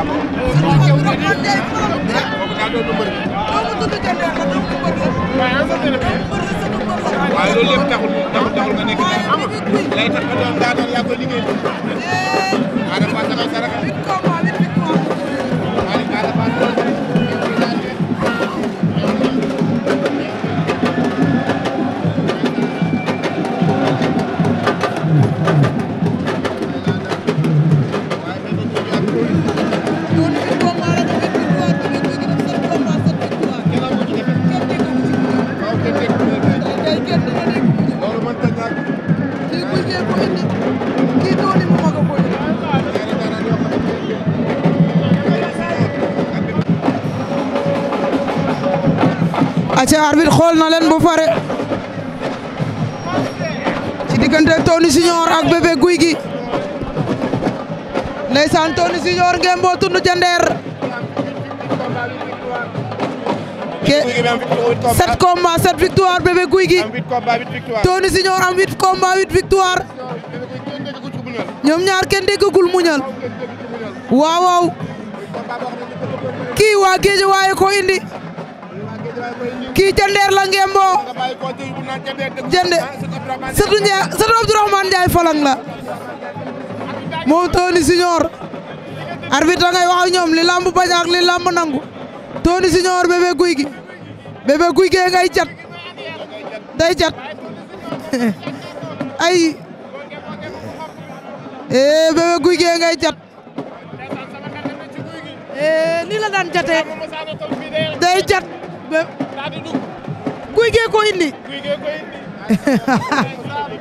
waaye loolu lépp taxul taxul taxul nga nekk lay tax nga doon daa doon yaa koy liggéey. waaye dafa am dara aca arbitre xool na leen ba pare ci diggante Tony Junior ak bébé guy gi ndeysaan Tony Junior ngeen boo tund ca ndeer ke sept victoire bébé guy gi Tony Junior am huit combats huit victoire ñoom ñaar kenn déggagul muñal waaw kii waa géej waaye ko indi kii ca ndeer la ngemboo jënde sëtu Ndiaye sëtu Abdourahmane Ndiaye falang la moom Tony Junior arbitre ngay wax ñoom li lamb bañ li lamb nangu Tony Junior bébé guy gi bébé guy gee ngay cat day cat ay ee eh, bébé guy gee ngay cat eh, ee ba. guy gee ko indi. guy gee ko indi.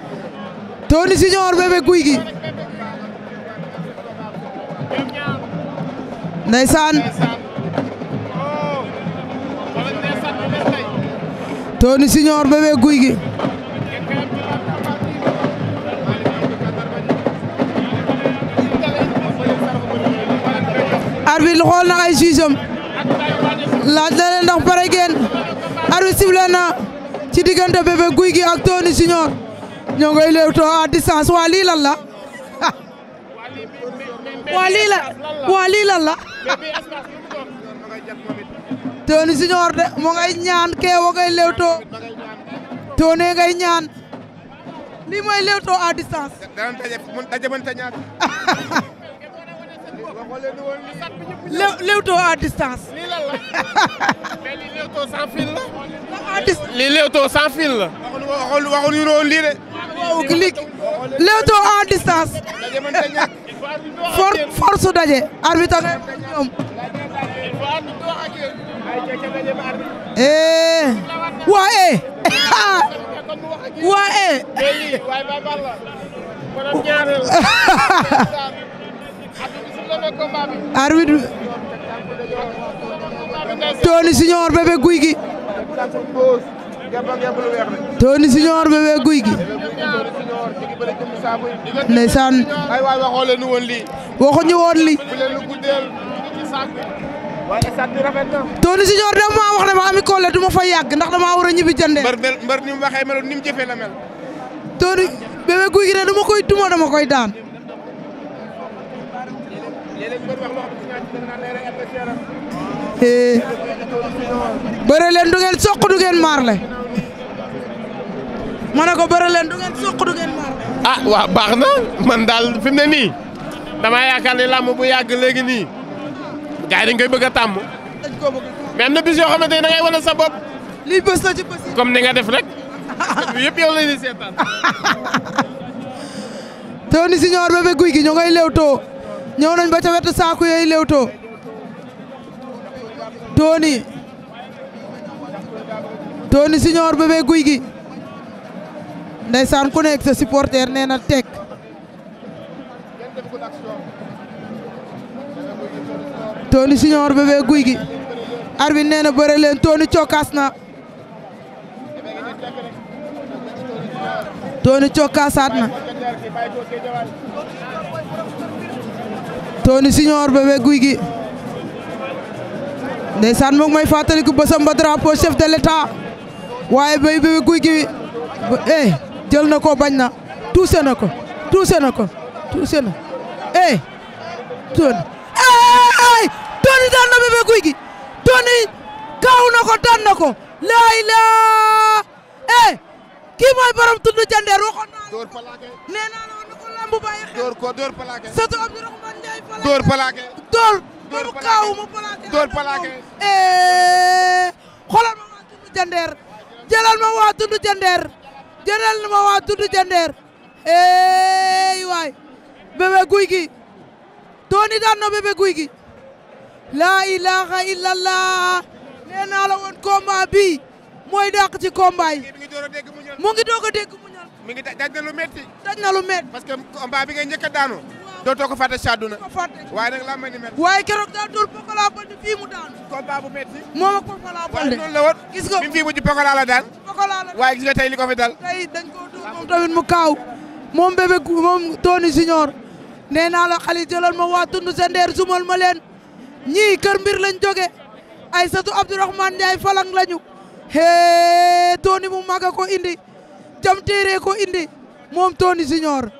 Tony guy gi. Ndeysaan. Tony Junior na ay jugeem laaj na leen na ci diggante bébé guy gi ak Tony Junior ñoo ngay léewtoo à waa lii lan la waa lii la waa lii de moo ñaan keewa ngay léewtoo Tony ñaan artiste. lii Leewtoo fil la. waxul waxul ñu noonu lii de. waaw clic Leewtoo en distance. for force daje. arbitre ngay ñoom. waa eh. waa eh. eh. guy gi. Tony Junior bébé guy gi ndeysaan ay waay waxoo leen woon lii waxuñu woon lii Tony Junior dama maa wax ne ma ami kolle du ma fa yàgg ndax dama war a ñibbi jëndee mbër ni mu waxee guy gi ne dama koy duma dama koy daan Eh, bëre leen du ngeen soq du ngeen marle ma ne ko bëre leen du ngeen soq du ngeen marle. ah waaw baax na man daal fi mu ne nii damaa yaakaar ne làmb bu yàgg léegi nii gars yi dañ koy bëgg a tàmm. dañ koo na bis yoo sa bopp. lii bës na ci bës yi. comme ni nga def rek. yëpp yow la ñuy seetaan. Tony Junior Bébé Gouy nañ ba ca wetu saako yooyu lewtoo Tony Tony Junior guy gi Gui ndeysaan ku nekk sa supporter nee na teg Tony Junior Bébé Gouy Gui arbitre nee na bëre leen cokkaas na Tony cokkaasaat na Tony Junior Bébé Gouy Gui ndeysaan mu ngi may fàttaliku bësam ba drapeau chef de l'état waaye bay bébé guy gi eh jël na ko bañ na tuuse na ko tuuse na ko tuuse na eh Tony ay Tony daan na bébé guy gi Tony kaaw ko daan ko laay laa eh kii mooy borom tundu jandeer waxoon naa nee naa la na ko lamb bàyyi xel door ko door palaake sëtu palaake door dóor kaaw mu plaqué dóor plaqué eh, xoolal ma waa tundu jandeer jëlal ma waa tundu jandeer jëlal ma waa tundu guy gi tooni daan na bébé guy gi laa ilaha illallah nee naa la woon combat bii mooy dàq ci combat yi mu ngi doog a dégg mu ngi daj na lu metti lu parce que combat bi ngay dootoo ko fàtte si àdduna. waaye nag laa mel ni mu daan. combat bu métti. moom mu ji moom tamit mu moom bébé moom Tony Junior. ma waa tund sa sumal ma leen. ñii kër mbir lañ jóge Aysatu Abdourahmane Ndiaye falang lañu. hee Tony mu maga ko indi. jam téere ko indi moom Tony Junior.